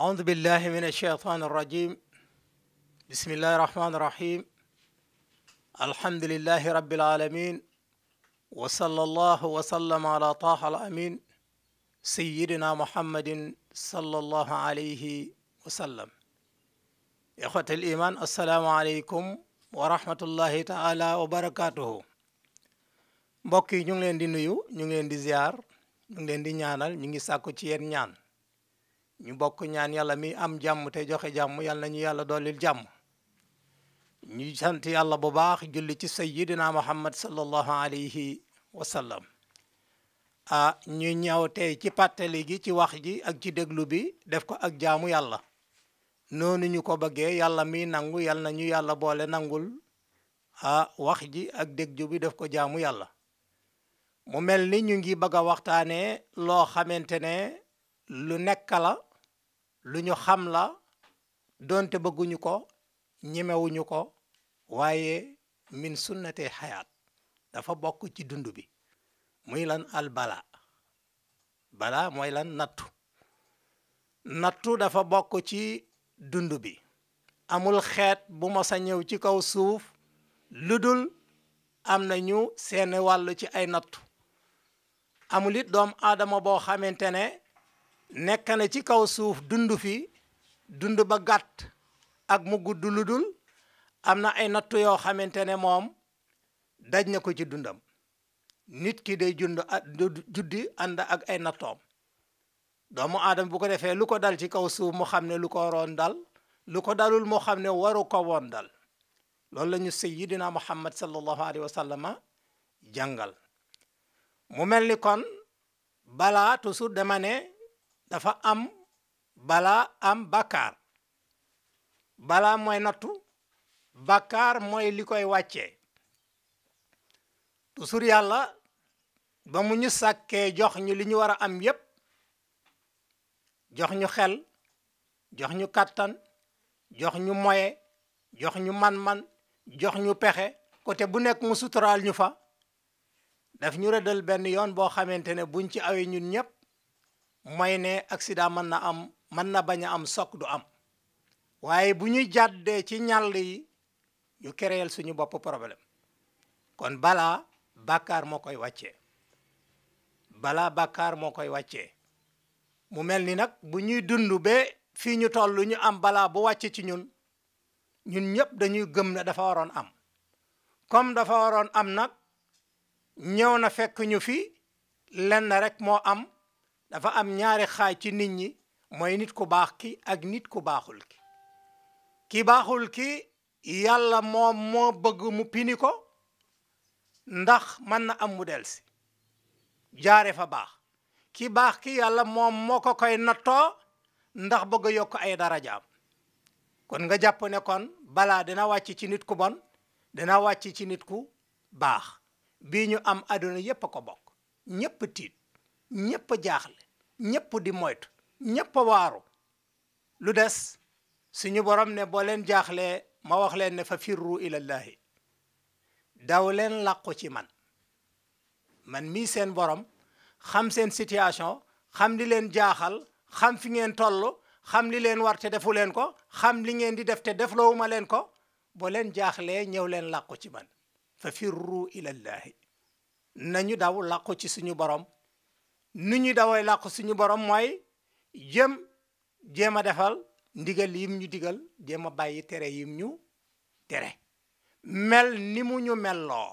أعوذ بالله من الشيطان الرجيم بسم الله الرحمن الرحيم الحمد لله رب العالمين وصلى الله وسلم على طه الأمين سيدنا محمد صلى الله عليه وسلم إخوة الإيمان السلام عليكم ورحمة الله تعالى وبركاته بوكي نيو ñu نيو leen نيو nuyu نيو ngi نيو di ziar ñu ngi leen di ñaanal ñu ñu bokk ñaan yàlla mi am jàmm te joxe jàmm yàlla nañu yàlla doolil jàmm ñu sant yàlla bu baax julli ci sayyidina muhammad sallallahu alayhi wa sallam ah ñu ñëw tey ci pàttali gi ci wax ji ak ci déglu bi def ko ak jaamu yàlla noonu ñu ko bëggee yàlla mi nangu yàlla na yàlla boole nangul a wax ji ak déglu bi def ko jaamu yàlla mu mel ni ñu ngi bëgg waxtaanee loo xamante ne lu nekk lu ñu xam la doonte bëgguñu ko ñemewuñu ko waaye min sunnatee xayaat dafa bokk ci dund bi muy lan al bala bala mooy lan nattu nattu dafa bokk ci dund bi amul xeet bu mos a ñëw ci kaw suuf lu dul am nañu seen wàll ci ay nattu amul it doom aadama boo xamante ne nekk na ci kaw suuf dund fi dund ba gàtt ak mu gudd lu dul am na ay nattu yoo xamante ne moom daj na ko ci dundam nit ki day jund juddi ànd ak ay nattoom doomu aadama bu ko defee lu ko dal ci kaw suuf mu xam ne lu ko waroon dal lu ko dalul moo xam ne waru ko woon dal loolu lañu ñu sayyidina muhammad sallallahu alayhi wa sallama jàngal mu mel ni kon balaa toujours dama ne dafa am bala am bàkkaar balaa mooy nattu bàkkaar mooy li koy wàccee toujours yàlla ba mu ñu sàkkee jox ñu li ñu war a am yépp jox ñu xel jox ñu kattan jox ñu moye jox ñu man-man jox ñu pexe côté bu nekk mu suturaal ñu fa daf ñu rëddal benn yoon boo xamante ne buñ ci awee ñun ñépp mooy ne accident mën na am mën na bañ a am soog du am waaye bu ñuy jàddee ci ñàll yi ñu kereel suñu boppu problème kon balaa bàkkaar moo koy wàccee balaa bàkkaar moo koy wàccee mu mel ni nag bu ñuy dund ba fii ñu toll ñu am balaa bu wàcce ci ñun ñun ñëpp dañuy gëm ne dafa waroon am comme dafa waroon am nag ñëw na fekk ñu fi lenn rek moo am dafa am ñaari xaaj ci nit ñi mooy nit ku baax ki ak nit ku baaxul ki ki baaxul ki yàlla moom moo bëgg mu pini ko ndax mën na am mu delsi jaare fa baax ki baax ki yàlla moom moo ko koy nattoo ndax bëgg yokk ay darajaam kon nga jàpp ne kon balaa dina wàcc ci nit ku bon dina wàcc ci nit ku baax bi ñu am àdduna yépp a ko bokk ñépp tiit ñépp a jaaxle ñépp di moytu ñépp waaru lu des suñu borom ne boo leen jaaxlee ma wax leen ne fa firru ilallahi daw leen làqu ci man man mii seen borom xam seen situation xam li leen jaaxal xam fi ngeen toll xam li leen war te defu leen ko xam li ngeen di def te defloowuma leen ko boo leen jaaxlee ñëw leen làqu ci man fa firru ilallahi nañu daw làqu ci suñu borom nu ñu daway làqu suñu borom mooy jëm jéem a defal ndigal yim ñu digal jéem a bàyyi tere yim ñu tere mel ni mu ñu melloo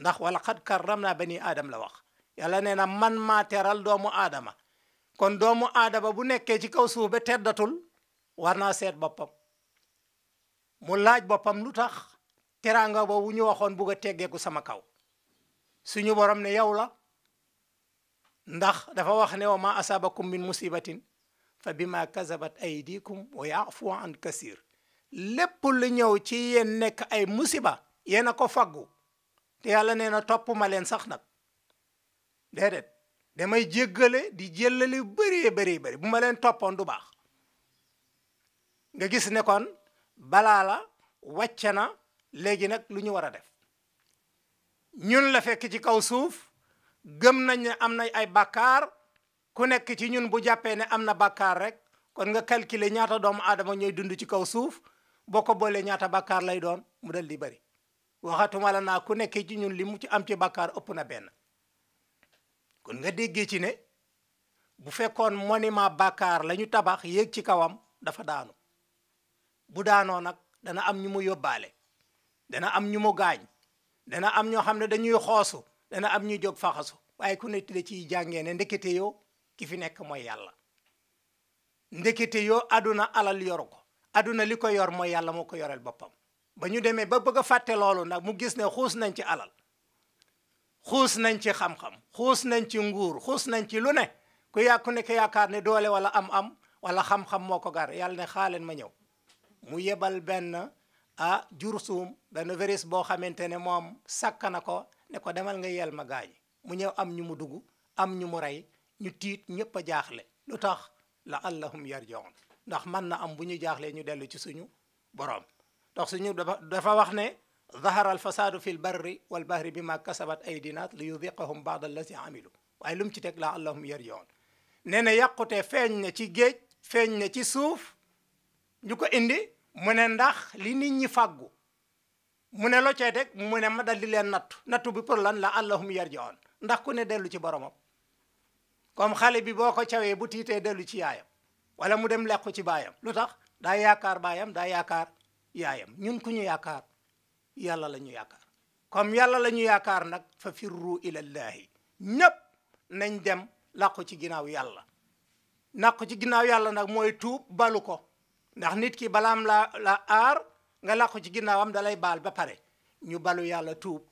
ndax wala xad karram naa bani aadam la wax yàlla nee na man maa teral doomu aadama kon doomu aadama bu nekkee ci kaw suuf ba teddatul war naa seet boppam mu laaj boppam lu tax teraanga boobu ñu waxoon bugg a teggeeku sama kaw suñu borom ne yow la ndax dafa wax ne wa ma asabakum min musibatin fa bima kasabat aydikum wa yafu an kasir lépp lu ñëw ci yéen nekk ay musiba yéen a ko faggu te yàlla nee na topp ma leen sax nag déedéet damay jéggale di jëllale bëree bëree bëri bu ma leen toppoon du baax nga gis ne kon balaa la wàcce na léegi nag lu ñu war a def ñun la fekk ci kaw suuf gëm nañ ne am na ay bàkkaar ku nekk ci ñun bu jàppee ne am na bàkkaar rek kon nga calculer ñaata doomu aadama ñooy dund ci kaw suuf boo ko boolee ñaata bakkaar lay doon mu dal di bari waxatuma la naa ku nekkee ci ñun li mu ci am ci bàkkaar ëpp na benn kon nga déggee ci ne bu fekkoon moniment bakkaar lañu tabax yéeg ci kawam dafa daanu bu daanoo nag dana am ñu mu yóbbaale dana am ñu mu gaañ dana am ñoo xam ne dañuy xoosu dana am ñu jóg faxasu waaye ku nekk da ciy jàngee ne ndekete yoo ki fi nekk mooy yàlla ndekete yoo aduna alal yoru ko aduna li ko yor mooy yàlla moo ko yoreel boppam ba ñu demee ba bëgg a fàtte loolu nag mu gis ne xuus nañ ci alal xuus nañ ci xam-xam xuus nañ ci nguur xuus nañ ci lu ne ku yàgg ku nekk yaakaar ne doole wala am-am wala xam-xam moo ko gar yàlla ne xaaleen ma ñëw mu yebal benn ah jursuum benn virus boo xamante ne moom sàkk na ko ne ko demal nga yel ma gaañi mu ñëw am ñu mu dugg am ñu mu ray ñu tiit ñëpp a jaaxle lu tax la allahum yarjoon ndax man na am bu ñu jaaxle ñu dellu ci suñu borom ndax suñu dafa wax ne zahara alfasaadu fi lbarri walbahri bi ma kasabat aydinaat li yudiqahum baad allazi amilu waaye lu mu ci teg la allahum yarjoon nee na yàqute feeñ na ci géej feeñ na ci suuf ñu ko indi mu ne ndax li nit ñi fàggu mu ne loo cee teg mu ne ma dal leen nattu nattu bi pour lan la allahum yarji'un ndax ku ne dellu ci boromam comme xale bi boo ko cawee bu tiitee dellu ci yaayam wala mu dem lekku ci baayam lu tax daa yaakaar baayam daa yaakaar yaayam ñun ku ñu yaakaar yàlla la ñu yaakaar comme yàlla la ñu yaakaar nag fa firru ilallahi ñépp nañ dem làqu ci ginnaaw yàlla làqu ci ginnaaw yàlla nag mooy tuub balu ko ndax nit ki balaam la la aar nga la ko ci ginnawam dalay bal ba pare ñu balu yàlla tuub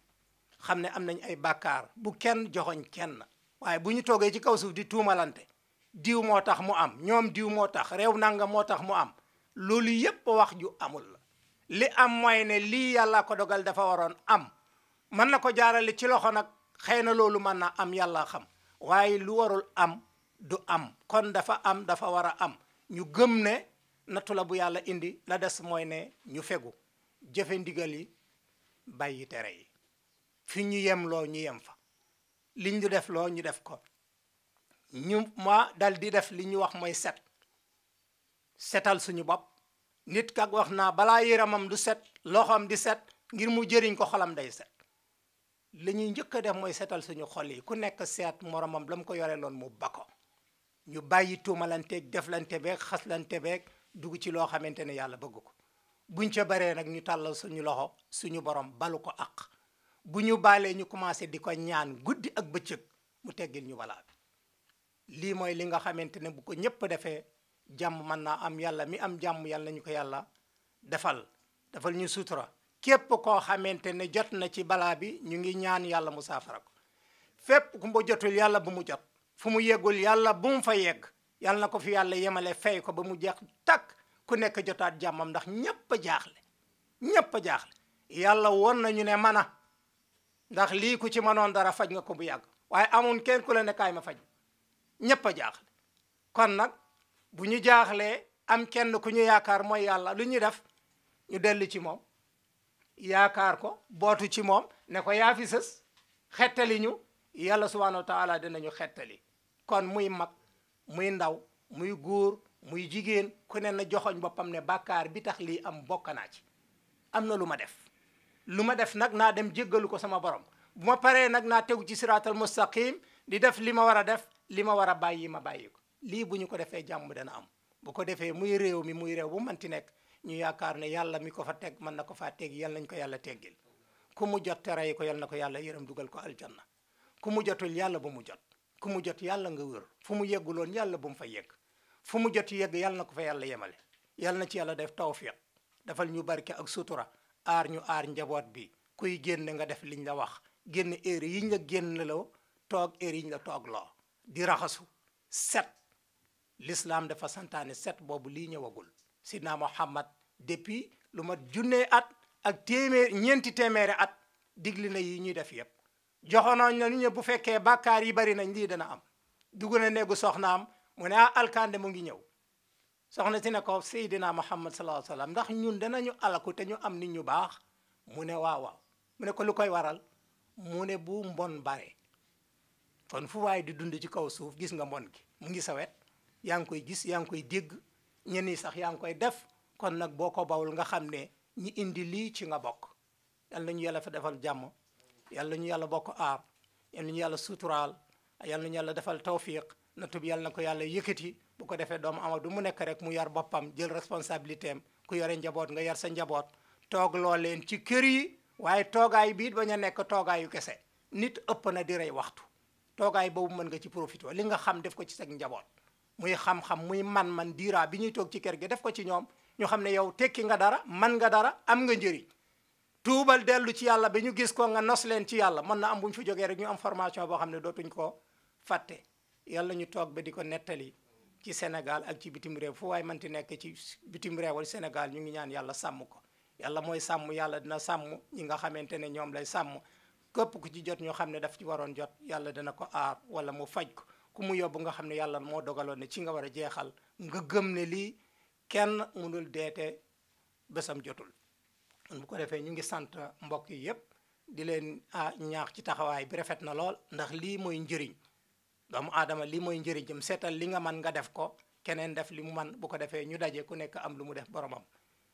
xamne am nañ ay bàkkaar bu kenn joxoñ kenn waye buñu toge ci kawsuf di tuumalante diw motax mu am ñom diw motax rew nanga motax mu am loolu yépp wax ju amul li am moy ne li yàlla ko dogal dafa waron am man nako jaarale ci loxo nak xeyna loolu man na am yàlla xam waye lu warul am du am kon dafa am dafa wara am ñu gëm ne nattu la bu yàlla indi la des mooy ne ñu fegu jëfe ndigal yi bàyyi tere yi fi ñu yem loo ñu yem fa liñ ñu def loo ñu def ko ñu ma dal di def li ñu wax mooy set setal suñu bopp nit kak wax naa balaa yaramam du set loxoom di set ngir mu jëriñ ko xolam day set li ñuy njëkk def mooy setal suñu xol yi ku nekk seet moromam la mu ko yore loon mu bako ñu bàyyi tuumalante beeg deflante beeg xaslante beeg dugg ci loo xamante ne yàlla bëgg ko buñ ca baree nag ñu tàllal suñu loxo suñu borom balu ko àq bu ñu baalee ñu commencé di ko ñaan guddi ak bëccëg mu teggil ñu balaa lii mooy li nga xamante ne bu ko ñëpp defee jàmm mën naa am yàlla mi am jàmm yàlla ñu ko yàlla defal defal ñu sutura képp koo xamante ne jot na ci balaa bi ñu ngi ñaan yàlla mu saafara ko fépp ku mu jotul yàlla bu mu jot fu mu yégul yàlla bu mu fa yegg yàlla na ko fi yàlla yemale fay ko ba mu jeex takk ku nekk jotaat jàmmam ndax ñépp a jaaxle ñépp a jaaxle yàlla won nañu ne mana ndax lii ku ci mënoon dara faj nga ko bu yàgg waaye amoon kenn ku la ne kaay ma faj ñépp a jaaxle kon nag bu ñu jaaxlee am kenn ku ñu yaakaar mooy yàlla lu ñuy def ñu dellu ci moom yaakaar ko bootu ci moom ne ko yaa fi sës xettali ñu yàlla subhanahu wa taala dinañu xettali kon muy mag muy ndaw muy góor muy jigéen ku ne na joxoñ boppam ne bàkkaar bi tax lii am bokk naa ci am na lu ma def lu ma def nag naa dem jéggalu ko sama borom bu ma paree nag naa tegu ci siraatal mustaqim di def li ma war a def li ma war a bàyyi ma bàyyi ko lii bu ñu ko defee jàmm dana am bu ko defee muy réew mi muy réew bu manti nekk ñu yaakaar ne yàlla mi ko fa teg mën na ko faa teg yal nañ ko yàlla teggil ku mu jot te rey ko yal na ko yàlla yërëm dugal ko aljanna ku mu jotul yàlla bu mu jot ku mu jot yàlla nga wër fu mu yegguloon yàlla bu mu fa yegg fu mu jot yegg yàlla na ko fa yàlla yemale yàlla na ci yàlla def tawfiq dafal ñu barke ak sutura aar ñu aar njaboot bi kuy génn nga def liñ la wax génn heure yiñ la génn loo toog heure yiñ la toog loo di raxasu set l'islam dafa santaane set boobu lii ñëwagul sidna Muhammad depuis lu mat junnee at ak téeméer ñeenti téeméeri at diglina yi ñuy def yëpp joxonoon na ñu bu fekkee bàkkaar yi bari nañ lii dana am dugg na néegu soxnaam mu ne ah alkande mu ngi ñëw soxna si ne ko Seydina Muhammad sallallahu alayhi wa sallam ndax ñun danañu alaku te ñu am nit ñu baax mu ne waaw mu ne ko lu koy waral mu ne bu mbon bare kon fu di dund ci kaw suuf gis nga mbon gi mu ngi sawet yaa ngi koy gis yaa ngi koy dégg ñenn sax yaa ngi koy def kon nag boo ko bawul nga xam ne ñu indi lii ci nga bokk yal nañu yàlla fa defal jàmm yàlla ñu yàlla bokk aar yàlla ñu yàlla suturaal yàlla ñu yàlla defal tawfiq nattu bi yàlla na ko yàlla yëkkati bu ko defee doomu ama du mu nekk rek mu yar boppam jël responsabilité am ku yore njaboot nga yar sa njaboot toog loo leen ci kër yi waaye toogaay bi it bañ a nekk toogaayu kese nit ëpp na di rey waxtu toogaay boobu mën nga ci profité li nga xam def ko ci sa njaboot muy xam-xam muy man-man diiraa bi ñuy toog ci kër gi def ko ci ñoom ñu xam ne yow tekki nga dara man nga dara am nga njëriñ tuubal dellu ci yàlla bi ñu gis ko nga nos leen ci yàlla mën na am bu ñu fi jógee rek ñu am formation boo xam ne dootuñ ko fàtte yàlla ñu toog ba di ko nettali ci Sénégal ak ci bitim réew fu waay mënti nekk ci bitim réew wala Sénégal ñu ngi ñaan yàlla sàmm ko yàlla mooy sàmm yàlla dina sàmm ñi nga xamante ne ñoom lay sàmm képp ku ci jot ñoo xam ne daf ci waroon jot yàlla dana ko aar wala mu faj ko ku mu yóbbu nga xam ne yàlla moo dogaloon ne ci nga war a jeexal nga gëm ne lii kenn mënul deete bésam jotul bu ko defé ñu ngi sant mbokk yi yépp di leen ñaax ci taxawaay bi rafet na lool ndax lii mooy njëriñ doomu aadama lii mooy njëriñ jëm seetal li nga man nga def ko keneen def li mu man bu ko defee ñu daje ku nekk am lu mu def boromam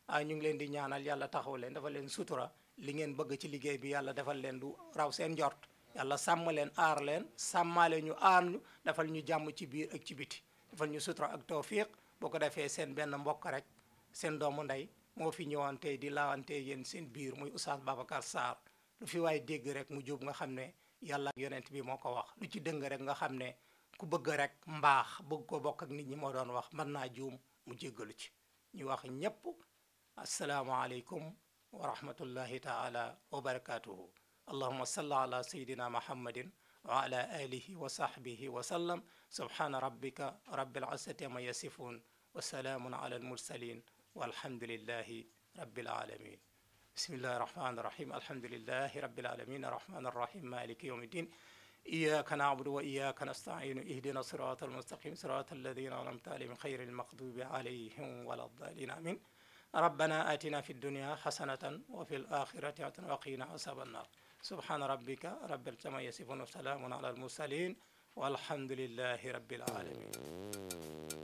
a ñu ngi leen di ñaanal yàlla taxaw leen dafa leen sutura li ngeen bëgg ci liggéey bi yàlla defal leen lu raw seen njort yàlla sàmm leen aar leen sàmmaale ñu aar ñu dafal ñu jàmm ci biir ak ci biti dafal ñu sutura ak tawfiq bu ko defee seen benn mbokk rek seen doomu ndey moo fi ñëwaan di lawante yéen seen biir muy oustad Babacar sar lu fi way dégg rek mu jub nga xamne yàlla ak yonent bi moko wax lu ci dëng rek nga xamne ku bëgg rek mbax bëgg ko bok ak nit ñi mo doon wax man na joom mu jéggalu ci ñu wax ñépp assalamu alaykum wa rahmatullahi taala wa barakatuh اللهم صل على سيدنا محمد وعلى آله وصحبه وسلم سبحان ربك رب العزة ما يصفون وسلام على المرسلين والحمد لله رب العالمين بسم الله الرحمن الرحيم الحمد لله رب العالمين الرحمن الرحيم مالك يوم الدين إياك نعبد وإياك نستعين اهدنا الصراط المستقيم صراط الذين أنعمت عليهم خير المغضوب عليهم ولا الضالين آمين ربنا آتنا في الدنيا حسنة وفي الآخرة حسنة وقنا عذاب النار سبحان ربك رب العزة يصفون وسلام على المرسلين والحمد لله رب العالمين